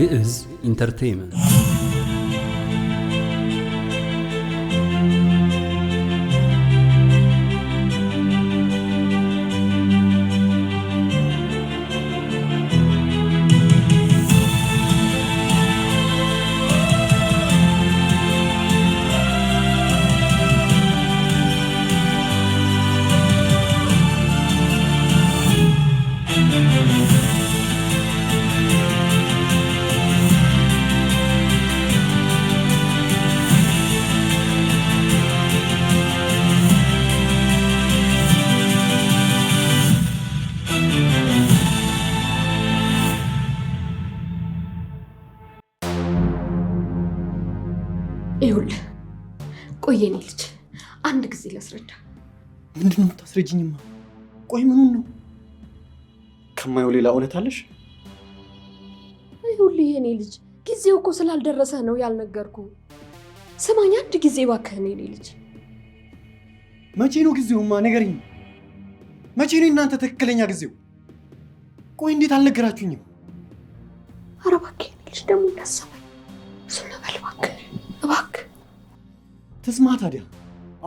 ግዕዝ ኢንተርቴይመንት ቆይ የኔ ልጅ አንድ ጊዜ ላስረዳ። ምንድን ነው የምታስረጅኝማ? ቆይ ምኑን ነው ከማየው ሌላ እውነት አለሽ? ይኸውልህ የኔ ልጅ ጊዜው እኮ ስላልደረሰ ነው ያልነገርኩ። ስማኝ አንድ ጊዜ እባክህ የኔ ልጅ። መቼ ነው ጊዜውማ? ንገሪኝ። መቼ ነው እናንተ ትክክለኛ ጊዜው? ቆይ እንዴት አልነገራችሁኝም? ኧረ እባክህ የኔ ልጅ ደግሞ እንዳሰበኝ እሱን በል እባክህ ትስማ ታዲያ።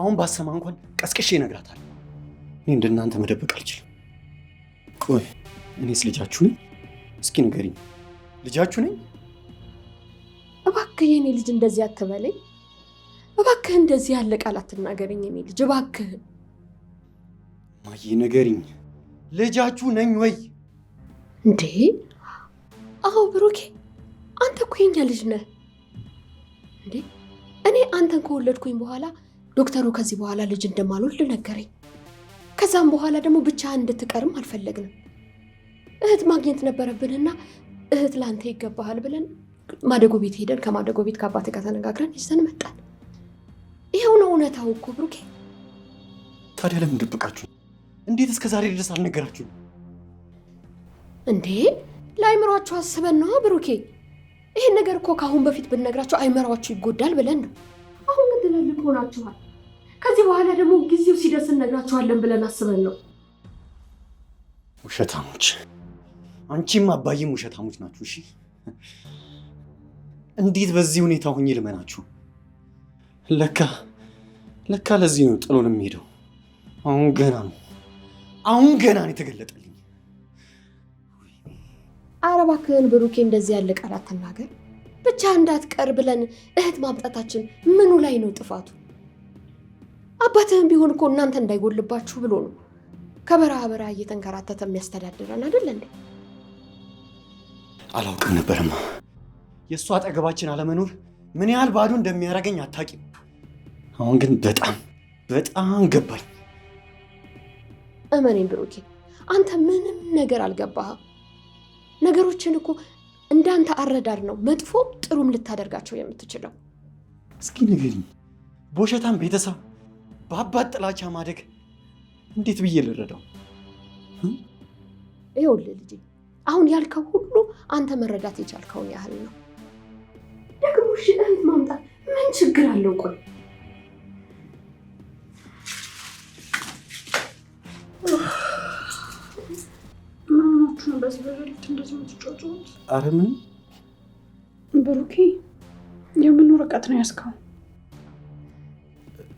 አሁን ባሰማ እንኳን ቀስቅሼ ይነግራታል እኔ እንደናንተ መደበቅ አልችልም። ቆይ እኔስ ልጃችሁ ነኝ? እስኪ ንገሪኝ፣ ልጃችሁ ነኝ? እባክህ የኔ ልጅ እንደዚህ አትበለኝ። እባክህ እንደዚህ ያለ ቃል አትናገረኝ የኔ ልጅ እባክህ። ማዬ ንገሪኝ፣ ልጃችሁ ነኝ ወይ? እንዴ! አዎ ብሩኬ፣ አንተ እኮ የኛ ልጅ ነህ። እኔ አንተን ከወለድኩኝ በኋላ ዶክተሩ ከዚህ በኋላ ልጅ እንደማልወልድ ነገረኝ። ከዛም በኋላ ደግሞ ብቻ እንድትቀርም አልፈለግንም። እህት ማግኘት ነበረብንና እህት ለአንተ ይገባሃል ብለን ማደጎ ቤት ሄደን ከማደጎ ቤት ከአባት ጋር ተነጋግረን ይዘን መጣን። ይኸው ነው እውነታው እኮ ብሩኬ። ታዲያ ለምን ደብቃችሁ? እንዴት እስከ ዛሬ ድረስ አልነገራችሁ? እንዴ? ለአይምሯችሁ አስበን ነዋ ብሩኬ ይሄን ነገር እኮ ከአሁን በፊት ብነግራቸው አይመራችሁ ይጎዳል ብለን ነው። አሁን ግን ትላልቅ ሆናችኋል። ከዚህ በኋላ ደግሞ ጊዜው ሲደርስ እነግራችኋለን ብለን አስበን ነው። ውሸታሞች! አንቺም አባይም ውሸታሞች ናችሁ። እሺ፣ እንዴት በዚህ ሁኔታ ሁኜ ልመናችሁ? ለካ ለካ ለዚህ ነው ጥሎን የሚሄደው። አሁን ገና ነው፣ አሁን ገና ነው የተገለጠ ኧረ እባክህን ብሩኬ እንደዚህ ያለ ቃል አትናገር። ብቻ እንዳትቀር ብለን እህት ማምጣታችን ምኑ ላይ ነው ጥፋቱ? አባትህም ቢሆን እኮ እናንተ እንዳይጎልባችሁ ብሎ ነው ከበረሃ በረሃ እየተንከራተተ የሚያስተዳድረን አይደል እንዴ? አላውቅም ነበርማ። የእሱ አጠገባችን አለመኖር ምን ያህል ባዶ እንደሚያደርገኝ አታውቂም። አሁን ግን በጣም በጣም ገባኝ። እመኔም ብሩኬ አንተ ምንም ነገር አልገባህም። ነገሮችን እኮ እንዳንተ አረዳድ ነው መጥፎ ጥሩም ልታደርጋቸው የምትችለው። እስኪ ንገሪኝ፣ በውሸታም ቤተሰብ በአባት ጥላቻ ማደግ እንዴት ብዬ ልረዳው? ይኸውልህ ልጄ፣ አሁን ያልከው ሁሉ አንተ መረዳት የቻልከውን ያህል ነው። ደግሞ እሺ እህት ማምጣት ምን ችግር አለው? ቆይ Oh በዚህ በሌሊት እንደዚህ የምትጫጫወት? አረ ምንም። ብሩኬ የምን ወረቀት ነው ያዝከው?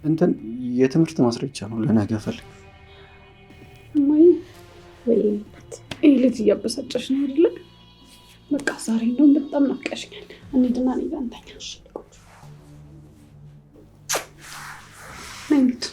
እንትን የትምህርት ማስረጃ ነው ለነገ ፈልግ። እማዬ ወይበት ይህ ልጅ እያበሳጨሽ ነው አይደለ? በቃ ዛሬ እንደውም በጣም ናፍቀሽኛል። እንሂድና እኔ ጋር ሽልቆች ነኝት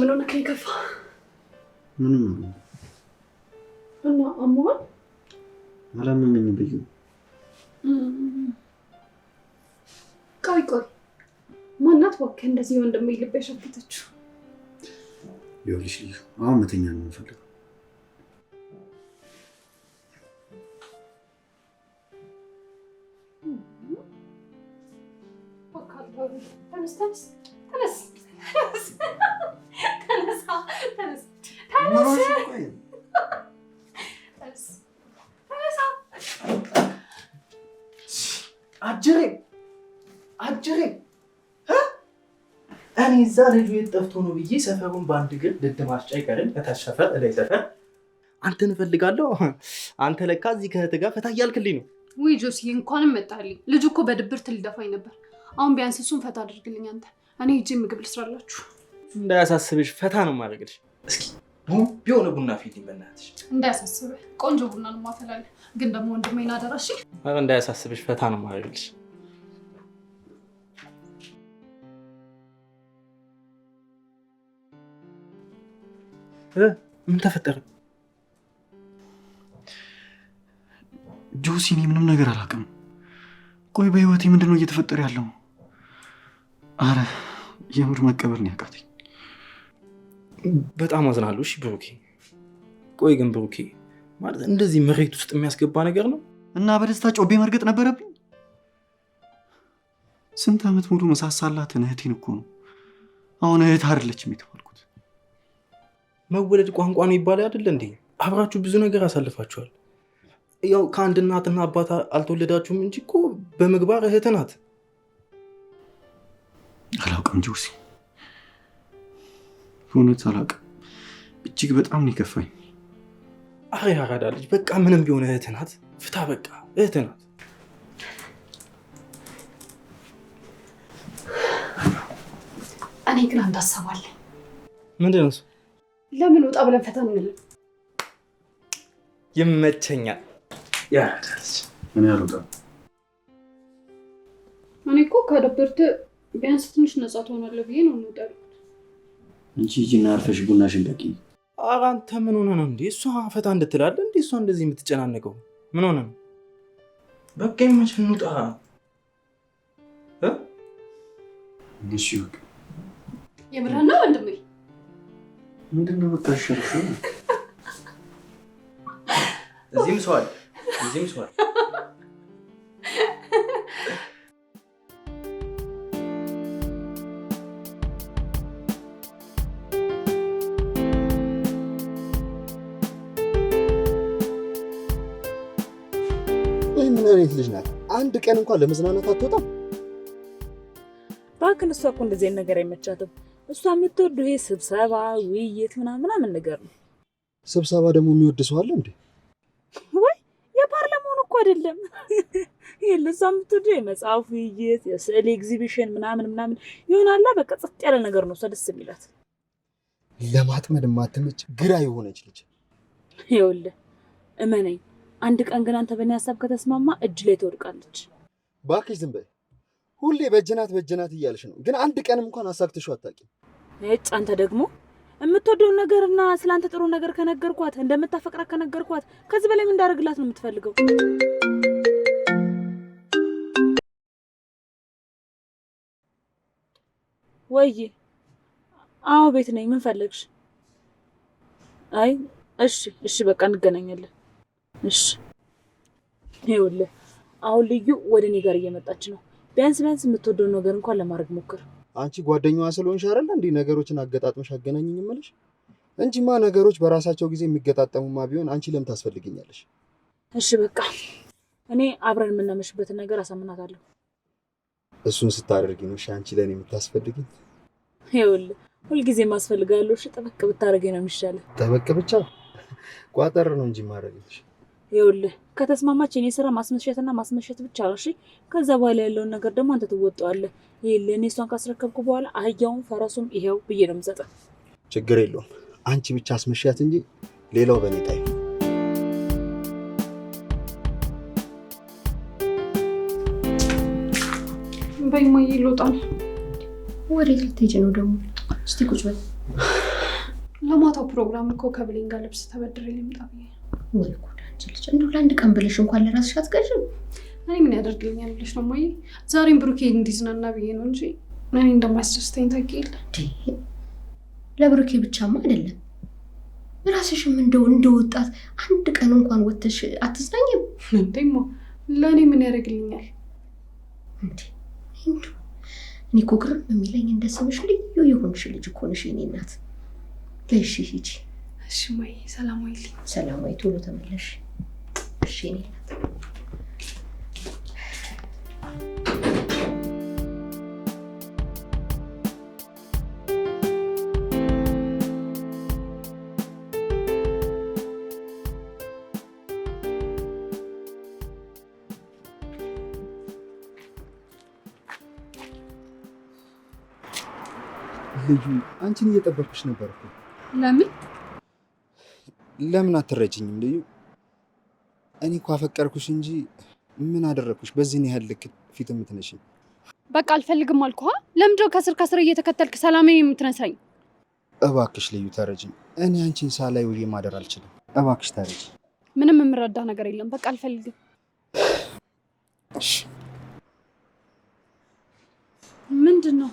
ምን ሆነ? ከይከፋ ምንም እና አሞሃል? አላመመኝም ብዬ ቆይ ቆይ፣ ማናት እባክህ እንደዚህ ወንድሜ ልብ ያሸፈተችው? ይኸውልሽ ልጅ አሁን መተኛ ነው የምፈልገው። ተነስ ተነስ ተነስ ተነሳ ተነሳ ተነሳ አጅሬ አጅሬ እኔ እዛ ልጁ የት ጠፍቶ ነው ብዬ ሰፈሩን በአንድ እግር ድድማስጫ ይቀርም እታች ሰፈር እላይ ሰፈር አንተን እፈልጋለሁ። አንተ ለካ እዚህ ከእህት ጋር ፈታ እያልክልኝ ነው። ውይ ጆስዬ እንኳንም መጣልኝ። ልጁ እኮ በድብር ትልደፋኝ ነበር። አሁን ቢያንስ እሱን ፈታ አድርግልኝ አንተ እኔ እጅ ምግብ ልስራላችሁ። እንዳያሳስብሽ ፈታ ነው ማድረግልሽ። እስኪ ቢሆነ ቡና ፊት በናትሽ። እንዳያሳስብ ቆንጆ ቡና ነው ማፈላለህ። ግን ደግሞ ወንድሜ ናደራሽ። እንዳያሳስብሽ ፈታ ነው ማድረግልሽ። ምን ተፈጠረ? ጆሲ፣ እኔ ምንም ነገር አላውቅም። ቆይ በህይወቴ ምንድን ነው እየተፈጠረ ያለው? አረ የምር መቀበር ነው ያቃተኝ። በጣም አዝናለሁ። እሺ ብሩኬ፣ ቆይ ግን ብሩኬ ማለት እንደዚህ መሬት ውስጥ የሚያስገባ ነገር ነው እና በደስታ ጮቤ መርገጥ ነበረብኝ። ስንት ዓመት ሙሉ መሳሳላትን እህቴን እኮ ነው። አሁን እህት አይደለችም የተባልኩት። መወለድ ቋንቋ ነው ይባላል አይደለ እንዴ? አብራችሁ ብዙ ነገር አሳልፋችኋል። ያው ከአንድ እናትና አባት አልተወለዳችሁም እንጂ እኮ በምግባር እህት ናት። አላውቅም ጆሲ፣ በእውነት አላውቅም። እጅግ በጣም ነው የከፋኝ። አረ ያራዳ ልጅ በቃ ምንም ቢሆን እህት ናት። ፍታ በቃ እህት ናት። እኔ ግን አንድ ሀሳብ አለኝ። ምንድን ነው እሱ? ለምን ወጣ ብለን ፈታ እንልም? ይመቸኛል። ያራዳ ልጅ እኔ እኔ እኮ ከደብርት ቢያንስ ትንሽ ነጻ ትሆናለህ ብዬ ነው የምጠሩት። አንቺ ሂጂና አርፈሽ ቡና ሽንጠቂ። ኧረ አንተ ምን ሆነ ነው እንዴ? እሷ ፈታ እንድትላለ እንዴ? እሷ እንደዚህ የምትጨናነቀው ምን ሆነ ነው? በቃ ይመችህ፣ እንውጣ። እሺ የምርህን ነው ወንድሜ? ምንድን ነው በቃ ሸርሹ እዚህም ሰዋል እዚህም ሰዋል ልጅ ናት። አንድ ቀን እንኳን ለመዝናናት አትወጣም። እባክህን እሷ እኮ እንደዚህ ነገር አይመቻትም። እሷ የምትወዱ ይሄ ስብሰባ፣ ውይይት ምናምን ምናምን ነገር ነው። ስብሰባ ደግሞ የሚወድ ሰው አለ እንዴ? ወይ የፓርላማውን እኮ አይደለም ይሄን ለእሷ የምትወደው የመጽሐፍ ውይይት፣ የስዕል ኤግዚቢሽን ምናምን ምናምን ይሆናላ። በቃ ጸጥ ያለ ነገር ነው እሷ ደስ የሚላት። ለማጥመድ ማትመች ግራ የሆነች ልጅ ይኸውልህ፣ እመነኝ አንድ ቀን ግን አንተ በእኔ ሀሳብ ከተስማማ እጅ ላይ ትወድቃለች። እባክሽ ዝም በይ። ሁሌ በእጅናት በእጅናት እያለሽ ነው፣ ግን አንድ ቀንም እንኳን አሳክተሽው አታውቂም። እጭ አንተ ደግሞ የምትወደውን ነገርና ስለ አንተ ጥሩ ነገር ከነገርኳት፣ እንደምታፈቅራት ከነገርኳት፣ ከዚህ በላይ ምን እንዳደርግላት ነው የምትፈልገው? ወይ አዎ፣ ቤት ነኝ። ምን ፈለግሽ? አይ እሺ፣ እሺ፣ በቃ እንገናኛለን። እሺ ይኸውልህ አሁን ልዩ ወደ እኔ ጋር እየመጣች ነው። ቢያንስ ቢያንስ የምትወደውን ነገር እንኳን ለማድረግ ሞክር። አንቺ ጓደኛዋ ስለሆንሽ አይደል እንዴ ነገሮችን አገጣጥመሽ አገናኝኝ የምልሽ እንጂማ ነገሮች በራሳቸው ጊዜ የሚገጣጠሙማ ቢሆን አንቺ ለምን ታስፈልግኛለሽ? እሺ በቃ እኔ አብረን የምናመሽበትን ነገር አሳምናታለሁ። እሱን ስታደርጊ ነው አንቺ ለእኔ የምታስፈልግኝ። ይኸውልህ ሁልጊዜ ማስፈልጋለሁ። እሺ ጠበቅ ብታደርገኝ ነው የሚሻለው። ጠበቅ ብቻ ቋጠር ነው እንጂ ማድረግልሽ ይኸውልህ ከተስማማች እኔ ስራ ማስመሸትና ማስመሸት ብቻ ነው። እሺ፣ ከዛ በኋላ ያለውን ነገር ደግሞ አንተ ትወጣዋለህ። ይኸውልህ እኔ እሷን ካስረከብኩ በኋላ አህያውም ፈረሱም ይሄው ብዬ ነው የምሰጠህ። ችግር የለውም። አንቺ ብቻ አስመሸያት እንጂ ሌላው በእኔ ጣይ። በይማ ይሎጣል። ወዴት ልትሄጂ ነው ደግሞ? እስቲ ቁጭ በል። ለማታው ፕሮግራም እኮ ከብሌን ጋር ልብስ ተበድሬ ልምጣ ብዬ ልጅ እንዲሁ ለአንድ ቀን ብለሽ እንኳን ለራስሽ አትገዥም። እኔ ምን ያደርግልኛል ብለሽ ነው ሞዬ? ዛሬም ብሩኬ እንዲዝናና ብዬ ነው እንጂ እኔ እንደማያስደስተኝ ታውቂያለሽ። ለብሩኬ ብቻማ አይደለም ራስሽም እንደው እንደ ወጣት አንድ ቀን እንኳን ወተሽ አትዝናኝም። እንዴሞ ለእኔ ምን ያደርግልኛል? እንዴ እኔ እኮ ግርም የሚለኝ እንደ ስምሽ ልዩ የሆንሽ ልጅ እኮ ነሽ የእኔ እናት። ለሺ ሂጂ። እሺ ማዬ፣ ሰላም ዋይልኝ። ሰላም ወይ፣ ቶሎ ተመለሽ። እሺ እኔ ናት። ልዩ አንቺን እየጠበኩሽ ነበር እኮ። ለምን ለምን አትረጅኝም ልዩ? እኔ እኮ አፈቀርኩሽ እንጂ ምን አደረግኩሽ? በዚህን ያህል ልክ ፊት የምትነሽኝ። በቃ አልፈልግም አልኩ። ለምንድነው ከስር ከስር እየተከተልክ ሰላም የምትነሳኝ? እባክሽ ልዩ ተረጅኝ። እኔ አንቺን ሳላይ ውዬ ማደር አልችልም። እባክሽ ተረጅ። ምንም የምረዳ ነገር የለም። በቃ አልፈልግም። ምንድን ነው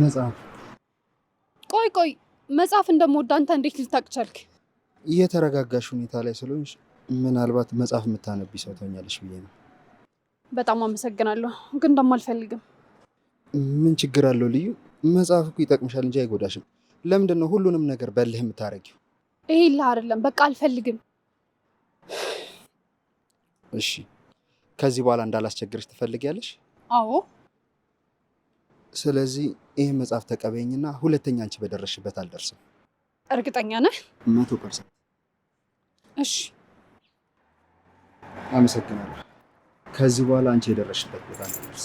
መጽሐፍ? ቆይ ቆይ፣ መጽሐፍ እንደምወድ አንተ እንዴት ልታቅ ቻልክ? እየተረጋጋሽ ሁኔታ ላይ ስለሆንሽ ምናልባት መጽሐፍ የምታነቢ ሰው ትሆኛለሽ ብዬ ነው። በጣም አመሰግናለሁ፣ ግን ደግሞ አልፈልግም። ምን ችግር አለው ልዩ? መጽሐፍ እኮ ይጠቅምሻል እንጂ አይጎዳሽም። ለምንድን ነው ሁሉንም ነገር በልህ የምታደርጊው? ይሄ ልህ አይደለም፣ በቃ አልፈልግም። እሺ፣ ከዚህ በኋላ እንዳላስቸግርሽ ትፈልጊያለሽ? አዎ። ስለዚህ ይህ መጽሐፍ ተቀበይኝና ሁለተኛ አንቺ በደረሽበት አልደርስም። እርግጠኛ ነህ? መቶ ፐርሰንት እሺ አመሰግናለሁ። ከዚህ በኋላ አንቺ የደረሽበት ቦታ ደርስ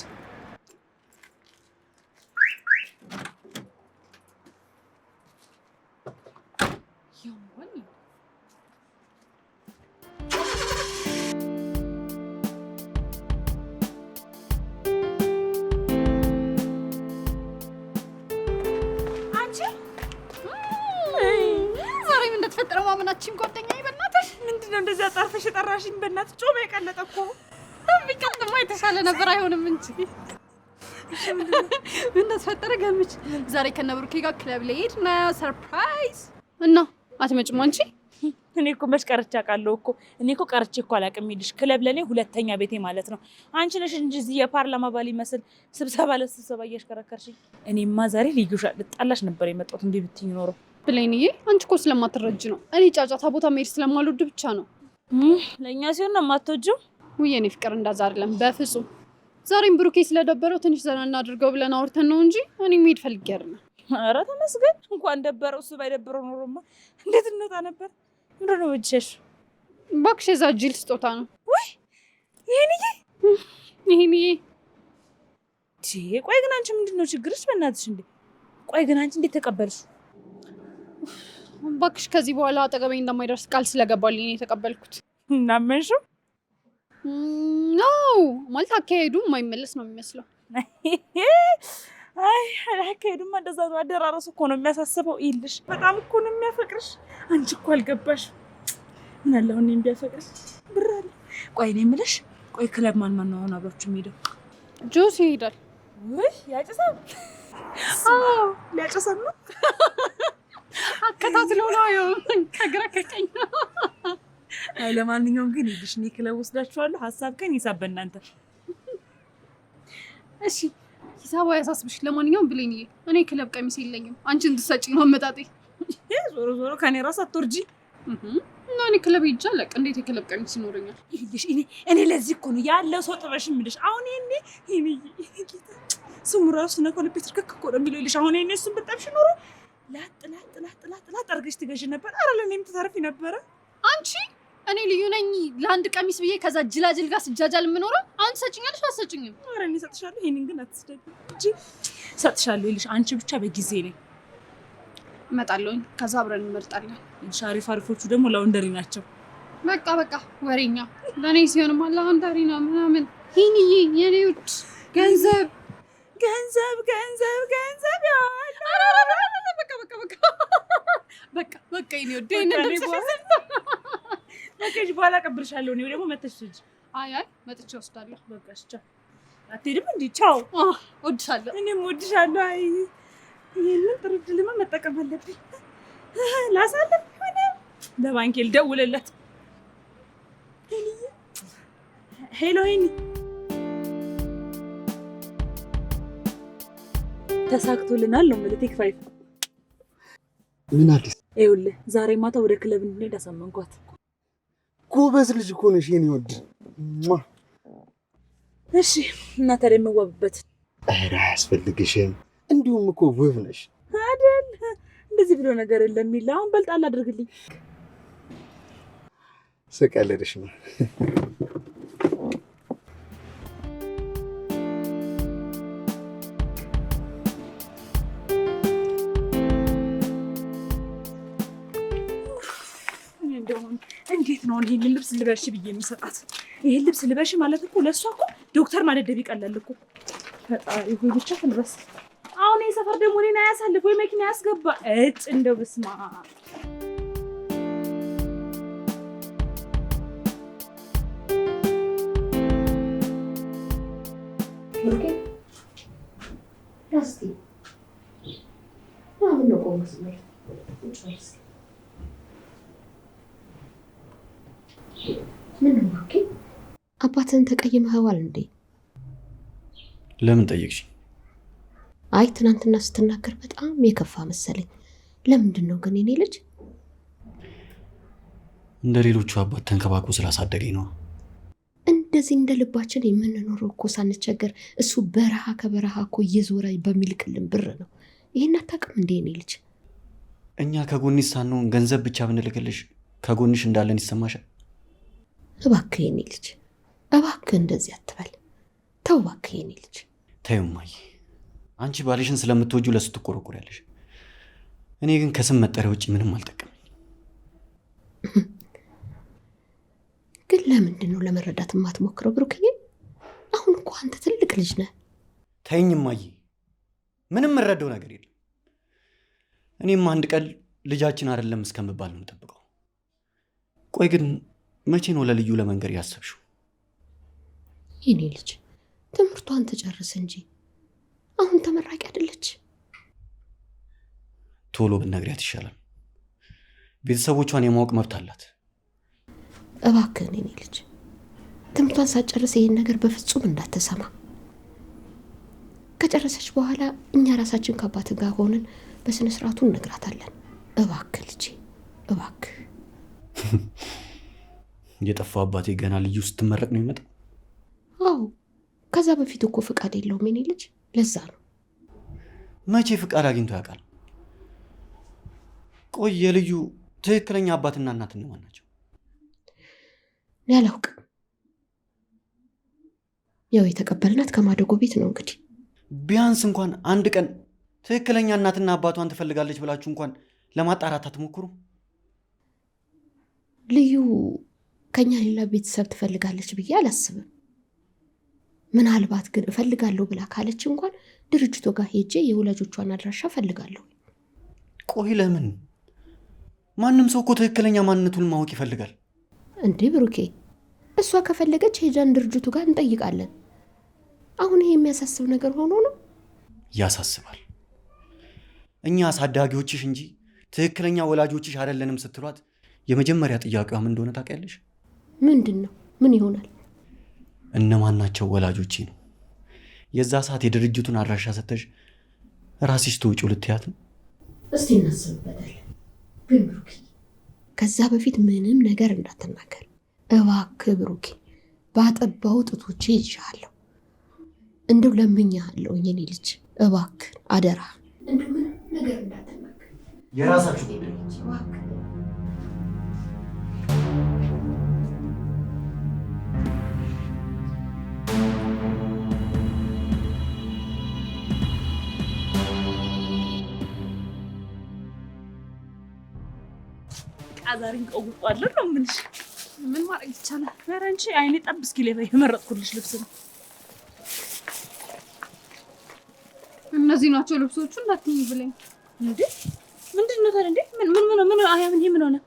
ዛሬም ማመናችን ጓደኛ ምንድን ነው እንደዚያ ጠርፈሽ የጠራሽኝ? በእናትሽ ጮማ የቀለጠ እኮ ቢቀልጥማ የተሻለ ነበር። አይሆንም እንጂ ምን እንዳስፈጠረ ገምች። ዛሬ ከነብሩኬ ጋር ክለብ ልሄድ ና ሰርፕራይዝ እና አትመጭም አንቺ? እኔ እኮ መች ቀርቼ አውቃለሁ እኮ እኔ እኮ ቀርቼ እኮ አላውቅም። ይልሽ ክለብ ለእኔ ሁለተኛ ቤቴ ማለት ነው። አንቺ ነሽ እንጂ እዚህ የፓርላማ ባል ይመስል ስብሰባ ለስብሰባ እያሽከረከርሽ። እኔማ ዛሬ ልዩሻ ልጣላሽ ነበር የመጣሁት እንዲህ ብትኝ ኖረው ብሌንዬ፣ አንቺ እኮ ስለማትረጅ ነው። እኔ ጫጫታ ቦታ መሄድ ስለማልወድ ብቻ ነው። ለእኛ ሲሆን ነው የማትወጂው? ውይ የኔ ፍቅር፣ እንዳዛ አይደለም በፍጹም። ዛሬም ብሩኬ ስለደበረው ትንሽ ዘና እናድርገው ብለን አውርተን ነው እንጂ እኔ መሄድ ፈልጌ አይደለም። ኧረ ተመስገን፣ እንኳን ደበረው። እሱ ባይደብረው ኖሮማ እንዴት እንወጣ ነበር። ምንድን ነው ብቻሽ? እባክሽ፣ የዛ ጅል ስጦታ ነው። ውይ ይሄንዬ ይሄንዬ። ቆይ ግን አንቺ ምንድን ነው ችግርሽ? በእናትሽ እንዴ! ቆይ ግን አንቺ እንዴት ተቀበልሽ? እባክሽ ከዚህ በኋላ አጠገበኝ እንደማይደርስ ቃል ስለገባልኝ የተቀበልኩት። እናመንሽው ነው ማለት አካሄዱ የማይመለስ ነው የሚመስለው። አይ አካሄዱማ እንደዛ ነው። አደራረሱ እኮ ነው የሚያሳስበው። ይልሽ በጣም እኮ ነው የሚያፈቅርሽ። አንቺ እኮ አልገባሽ። ምን አለ አሁን እኔም ብር አለ። ቆይ እኔ የምልሽ ቆይ ክለብ ማን ማን ነው አሁን አብራችሁ የሚሄደው? ጁስ ይሄዳል። ውይ ያጭሰም፣ ሊያጭሰም ነው አከታትሎ ነው ከግራ ከቀኝ። ለማንኛውም ግን ይልሽ እኔ ክለብ ወስዳችኋለሁ። ሀሳብ ከን ሂሳብ በእናንተ እሺ። ሂሳቡ አያሳስብሽ። ለማንኛውም ብለኝ፣ እኔ ክለብ ቀሚስ የለኝም። አንቺ እንድትሰጪኝ አመጣጤ ዞሮ ዞሮ ከኔ ራስ አትወርጂ እና እኔ ክለብ ሄጄ አለቅ። እንዴት የክለብ ቀሚስ ይኖረኛል? ይልሽ እኔ ለዚህ እኮ ነው ያለው ሰው ጥበሽ ምልሽ። አሁን ይሄኔ ይሄኔ ስሙ ራሱ ነኮ ልቤት ርከክ እኮ ነው የሚለው ይልሽ። አሁን ይሄኔ እሱን ብጠብሽ ኖሮ ላጥ ላጥ ላጥ ላጥ ላጥ አድርገሽ ነበር። ለእኔም ትተርፊ ነበረ። አንቺ እኔ ልዩ ነኝ ለአንድ ቀሚስ ብዬ ከዛ ጅላጅል ጋር ስጃጃል የምኖረው አንቺ ሰጭኛለሽ እኔ እሰጥሻለሁ። ይሄንን ግን አትስደግ እንጂ እሰጥሻለሁ። አንቺ ብቻ በጊዜ ነኝ እመጣለሁኝ። ከዛ አብረን እንመርጣለን። አሪፍ አሪፎቹ ደግሞ ላውንደሪ ናቸው። በቃ በቃ ወሬኛ ለእኔ ነው ምናምን ይህንዬ የኔዎች የኔ ወደ ከዚህ በኋላ ቀብርሻለሁ። እኔ ደግሞ መተሽ ስጅ አይ አይ መጥቼ ወስዳለሁ። በቃ እስቻ አትሄድም እንዴ? ቻው። ወድሻለሁ። እኔም ወድሻለሁ። አይ ይሄንን ጥሩ ድልማ መጠቀም አለብኝ። ላሳለፍ ሆነ ለባንኬል ልደውልለት። ሄሎ ሄኒ፣ ተሳክቶልናል ነው የምልህ ቴክ ፋይቭ ምን አዲስ? ይኸውልህ ዛሬ ማታ ወደ ክለብ እንድንሄድ አሳመንኳት። ጎበዝ ልጅ እኮ ነሽ የኔ ወድ። እሺ እና ታዲያ የምዋብበት? ኧረ አያስፈልግሽም። እንዲሁም እኮ ውብ ነሽ አይደል? እንደዚህ ብሎ ነገር የለም ይላል። አሁን በልጣል አድርግልኝ። ስቀልድሽ ነው ነው ይህን ልብስ ልበሽ ብዬ የምሰጣት። ይህን ልብስ ልበሽ ማለት እኮ ለእሷ እኮ ዶክተር ማደደብ ይቀላል እኮ። ፈጣሪ ሆይ ብቻ ትልበስ። አሁን ይህ ሰፈር ደግሞ እኔን አያሳልፍ ወይ መኪና ያስገባ እጭ እንደው ብስማ ስ ምን ብሩኬ፣ አባትህን ተቀይመኸዋል እንዴ? ለምን ጠየቅሽ? አይ ትናንትና ስትናገር በጣም የከፋ መሰለኝ። ለምንድን ነው ግን የኔ ልጅ? እንደ ሌሎቹ አባት ተንከባኩ ስላሳደገኝ ነው። እንደዚህ እንደ ልባችን የምንኖረው እኮ ሳንቸገር እሱ በረሃ ከበረሃ እኮ እየዞረ በሚልክልን ብር ነው። ይህን አታውቅም እንዴ የኔ ልጅ። እኛ ከጎንሽ ሳንሆን ገንዘብ ብቻ ብንልክልሽ ከጎንሽ እንዳለን ይሰማሻል። እባክህ የኔ ልጅ እባክህ እንደዚህ አትበል። ተው እባክህ የኔ ልጅ ተይው። እማዬ አንቺ ባልሽን ስለምትወጁ ለሱ ያለሽ፣ እኔ ግን ከስም መጠሪያ ውጭ ምንም አልጠቀመኝ። ግን ለምንድን ነው ለመረዳት የማትሞክረው ብሩክዬ? አሁን እኮ አንተ ትልቅ ልጅ ነህ። ተይኝ እማዬ፣ ምንም እረዳው ነገር የለም። እኔም አንድ ቀን ልጃችን አይደለም እስከምባል ነው የምጠብቀው። ቆይ ግን መቼ ነው ለልዩ ለመንገር ያሰብሽው? የኔ ልጅ ትምህርቷን ትጨርስ እንጂ አሁን ተመራቂ አይደለች። ቶሎ ብትነግሪያት ይሻላል። ቤተሰቦቿን የማወቅ መብት አላት። እባክህን የኔ ልጅ ትምህርቷን ሳትጨርስ ይህን ነገር በፍጹም እንዳትሰማ። ከጨረሰች በኋላ እኛ ራሳችን ከአባት ጋር ሆነን በስነ ስርዓቱ እነግራታለን። እባክህ ልጄ እባክህ የጠፋው አባቴ ገና ልዩ ስትመረቅ ነው ይመጣ። አዎ ከዛ በፊት እኮ ፍቃድ የለውም የኔ ልጅ። ለዛ ነው መቼ ፍቃድ አግኝቶ ያውቃል? ቆይ የልዩ ትክክለኛ አባትና እናት እነማን ናቸው? ያላውቅ ያው የተቀበልናት ከማደጎ ቤት ነው እንግዲህ። ቢያንስ እንኳን አንድ ቀን ትክክለኛ እናትና አባቷን ትፈልጋለች ብላችሁ እንኳን ለማጣራት አትሞክሩ ልዩ ከኛ ሌላ ቤተሰብ ትፈልጋለች ብዬ አላስብም። ምናልባት ግን እፈልጋለሁ ብላ ካለች እንኳን ድርጅቱ ጋር ሄጄ የወላጆቿን አድራሻ እፈልጋለሁ። ቆይ ለምን? ማንም ሰው እኮ ትክክለኛ ማንነቱን ማወቅ ይፈልጋል እንዴ ብሩኬ። እሷ ከፈለገች ሄጃን ድርጅቱ ጋር እንጠይቃለን። አሁን ይሄ የሚያሳስብ ነገር ሆኖ ነው? ያሳስባል። እኛ አሳዳጊዎችሽ እንጂ ትክክለኛ ወላጆችሽ አይደለንም ስትሏት የመጀመሪያ ጥያቄዋም እንደሆነ ታውቂያለሽ። ምንድን ነው? ምን ይሆናል? እነማን ናቸው ወላጆቼ? ነው የዛ ሰዓት የድርጅቱን አድራሻ ሰተሽ ራስሽ ትውጪ ልትያት ነው? እስቲ እናስብበታለን። ግን ብሩኬ፣ ከዛ በፊት ምንም ነገር እንዳትናገር እባክህ ብሩኬ። ባጠባው ጥቶቼ ይዤሃለሁ፣ እንደው ለምኜሃለሁ። የኔ ልጅ እባክህ አደራ፣ እንደው ምንም ነገር እንዳትናገር። የራሳችሁ ጉዳይ ዛሬ እንቀውጧለን ነው የምልሽ። ምን ማድረግ ይቻላል? ኧረ አንቺ አይኔ ጠብ እስኪል የመረጥኩልሽ ልብስ ነው። እነዚህ ናቸው ልብሶቹ እንዳትይኝ ብለኝ። እንዴ ምንድን ነው ታዲያ? እንዴ ምን ምን ምን አያ ምን ምን ሆነ?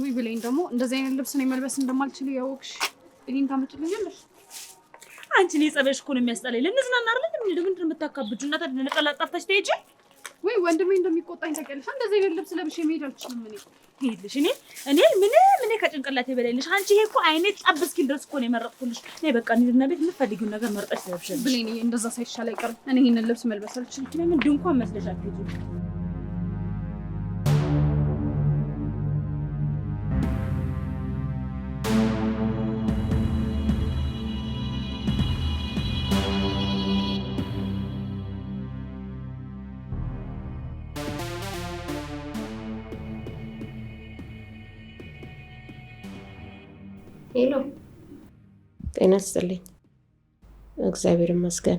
ውይ ብለኝ ደግሞ እንደዚህ አይነት ልብስ ነው የመልበስ እንደማልችል ያወቅሽ እኔን ታመጭልኛለሽ? አንቺ ነው እኮ ነው የሚያስጠላኝ። ልንዝናና አይደል? ምንድን ነው የምታካብጁ? እና ነጠላ ጣፍታሽ ትሄጂ ወይ ወንድሜ እንደሚቆጣኝ ታውቂያለሽ። እንደዚህ አይነት ልብስ ለብሼ መሄድ አልችልም። እኔ ይኸውልሽ እኔ እኔ ምንም እኔ ከጭንቅላቴ በላይልሽ አንቺ። ይሄ እኮ አይኔ ጫብ እስኪል ድረስ እኮ ነው የመረጥኩልሽ። እኔ በቃ እንሂድና ቤት የምትፈልጊውን ነገር መርጠሽ ለብሽ። ብሌን። እንደዛ ሳይሻል አይቀርም። እኔ ይሄንን ልብስ መልበስ አልችልም። ምን ድንኳን መስለሻት ሄዱ ሄሎ፣ ጤና ይስጥልኝ። እግዚአብሔር ይመስገን።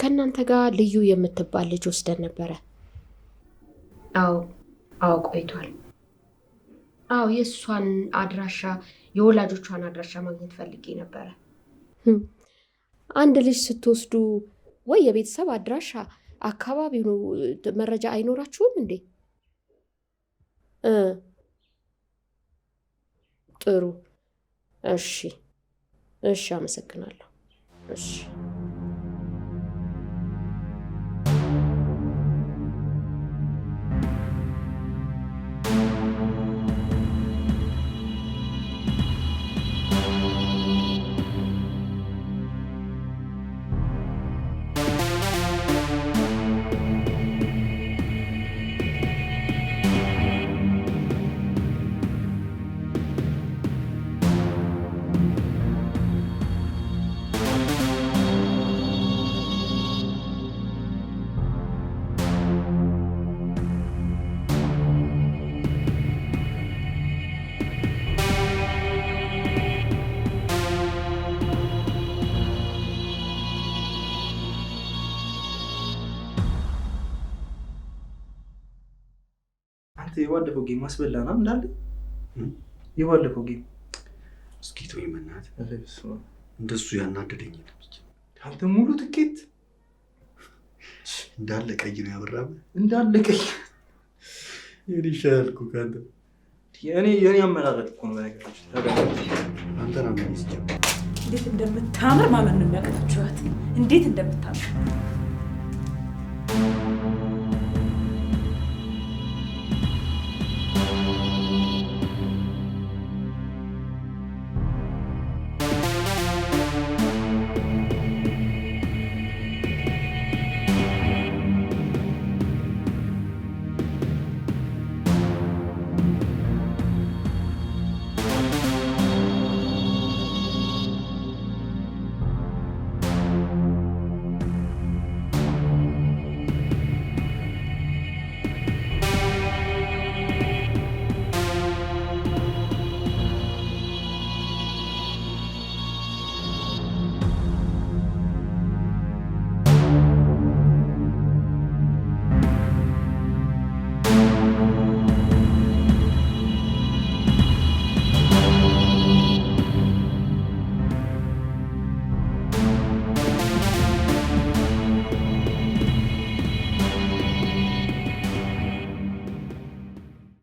ከእናንተ ጋር ልዩ የምትባል ልጅ ወስደን ነበረ። አዎ፣ አዎ፣ ቆይቷል። አዎ፣ የእሷን አድራሻ የወላጆቿን አድራሻ ማግኘት ፈልጌ ነበረ። አንድ ልጅ ስትወስዱ ወይ የቤተሰብ አድራሻ አካባቢው መረጃ አይኖራችሁም እንዴ? ጥሩ እሺ እሺ፣ አመሰግናለሁ። እሺ የባለፈው ጌም ነው እንዳለ የባለፈው ጌም እስኪቶ መናት እንደሱ ያናደደኝ አንተ ሙሉ ትኬት እንዳለ ቀይ ነው ያበራብ እንዳለ ቀይ ይሻልኩ ከአንተ የእኔ የእኔ አመላረጥ እኮ ነው። በነገራችን አንተ ና እንዴት እንደምታምር ማመን ነው የሚያቀታችኋት እንዴት እንደምታምር